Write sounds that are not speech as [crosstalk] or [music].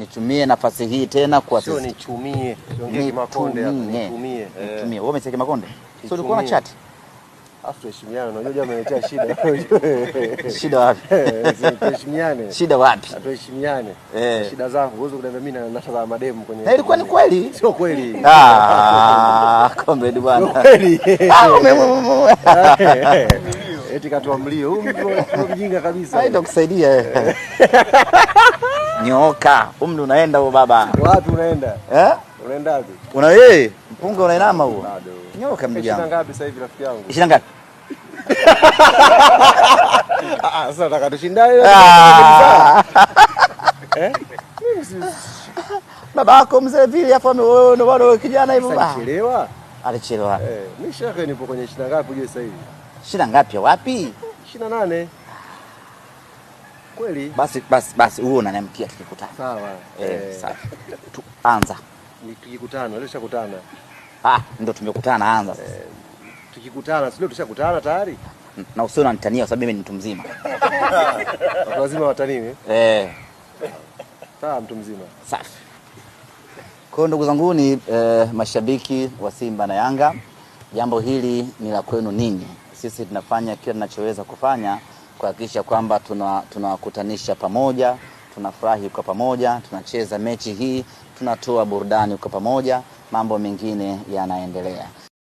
nitumie nafasi hii tena kwa sisi. Sio nitumie, ni Makonde hapa nitumie. Nitumie. Eh. Wewe umesema Makonde? Sio ulikuwa na chat? Afu ah, heshimiane, unajua jamaa ameletea shida. [laughs] Shida wapi? [laughs] Eh, tuheshimiane. Shida wapi? Ah, tuheshimiane. Eh. Shida zangu huwezi kuniambia mimi na natazama mademu kwenye. Na ilikuwa ni kweli? Sio kweli. Ah, [laughs] kombe bwana. Kweli. Ah, Eti katoa mlio. Huyu mjinga kabisa. ndo kusaidia. [laughs] Nyoka, umri unaenda huo baba. Watu unaenda? Eh? Unaenda wapi? Una yeye, mpunga unainama huo. Nyoka mjinga. Shina ngapi sasa hivi rafiki yangu? Shina ngapi? [laughs] Ah, sasa nataka tushindane. Ah. [laughs] Eh? Baba yako mzee vile afa ndo bado kijana hivyo baba. Alichelewa. Alichelewa. Eh, mimi shaka nipo kwenye shina ngapi uje sasa hivi? shina ngapi? Wapi? shina nane. Kweli? Basi basi basi, huo unaniamkia tukikutana. Sawa. Eh, eh. sawa. anza. Ni tukikutana, leo tushakutana. Ah, ndio tumekutana anza Eh, tukikutana, sio tushakutana tayari? Mm, na usio unanitania kwa sababu mimi ni mtu mzima. [laughs] Watu wazima wataniwe. Eh? eh. Sawa, mtu mzima. Safi. Kwa ndugu zangu ni eh, mashabiki wa Simba na Yanga, jambo hili ni la kwenu ninyi sisi tunafanya kila tunachoweza kufanya kuhakikisha kwamba tunawakutanisha tuna pamoja, tunafurahi kwa pamoja, tunacheza mechi hii, tunatoa burudani kwa pamoja, mambo mengine yanaendelea.